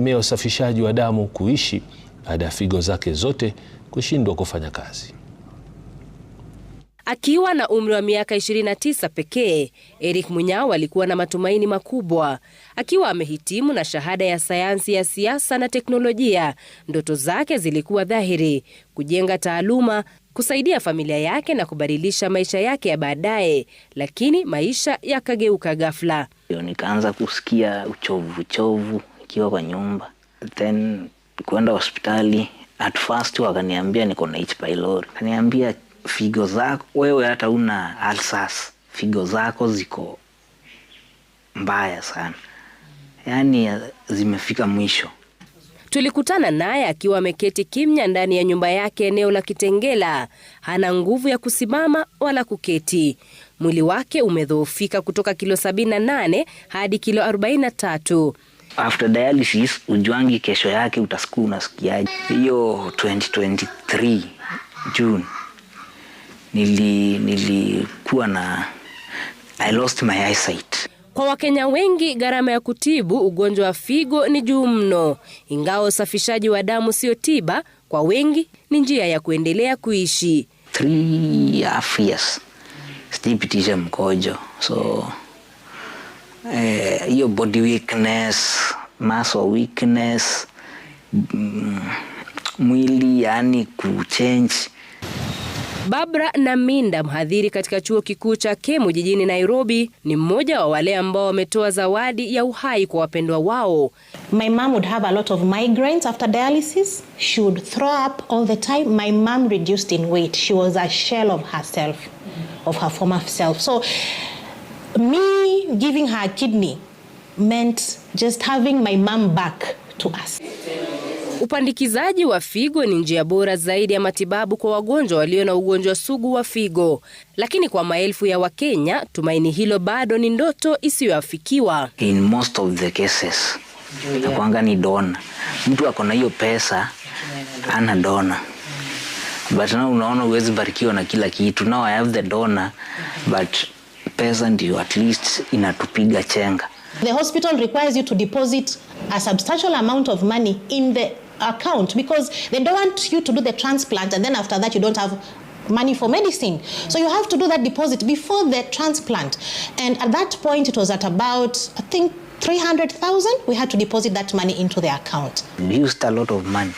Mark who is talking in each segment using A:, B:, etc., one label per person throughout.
A: mea usafishaji wa damu kuishi baada ya figo zake zote kushindwa kufanya kazi.
B: Akiwa na umri wa miaka 29 pekee, Eric Munyao alikuwa na matumaini makubwa. Akiwa amehitimu na shahada ya sayansi ya siasa na teknolojia, ndoto zake zilikuwa dhahiri: kujenga taaluma, kusaidia familia yake na kubadilisha maisha yake ya baadaye, lakini maisha yakageuka ghafla.
C: Nikaanza kusikia uchovu uchovu akiwa kwa nyumba, then kwenda hospitali. At first wakaniambia niko na H pylori, kaniambia figo zako wewe, hata una alsas, figo zako ziko mbaya sana, yaani zimefika mwisho.
B: Tulikutana naye akiwa ameketi kimya ndani ya nyumba yake eneo la Kitengela. Hana nguvu ya kusimama wala kuketi. Mwili wake umedhoofika kutoka kilo 78 hadi kilo 43
C: after dialysis ujuangi kesho yake utasikua unasikiaje. Hiyo 2023 June nili nilikuwa na I lost my eyesight.
B: Kwa Wakenya wengi gharama ya kutibu ugonjwa wa figo ni juu mno. Ingawa usafishaji wa damu sio tiba, kwa wengi ni njia ya kuendelea kuishi.
C: Three years mkojo so hiyo eh, body weakness, muscle weakness, mm, mwili yani kuchange.
B: Barbara Naminda, mhadhiri katika chuo kikuu cha Kemu jijini Nairobi, ni mmoja wa wale ambao wametoa zawadi ya uhai kwa wapendwa wao.
D: My mom would have a lot of migraines after dialysis. She would throw up all the time. My mom reduced in weight. She was a shell of herself, of her former self. So me giving her a kidney meant just having my mom back to us.
B: Upandikizaji wa figo ni njia bora zaidi ya matibabu kwa wagonjwa walio na ugonjwa sugu wa figo, lakini kwa maelfu ya Wakenya tumaini hilo bado ni ndoto isiyoafikiwa.
C: In most of the cases nakwanga ni dona, mtu ako na hiyo pesa ana dona but now unaona, huwezi barikiwa na kila kitu. Now I have the dona but pesa ndio at least inatupiga chenga.
D: The hospital requires you to deposit a substantial amount of money in the account because they don't want you to do the transplant and then after that you don't have money for medicine. So you have to do that deposit before the transplant. And at that point it was at about I think 300,000 we had to deposit that money into the account.
C: Used a lot of money.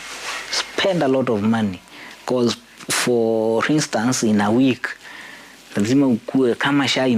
C: Spend a lot of money because for instance in a week lazima ukue kama shai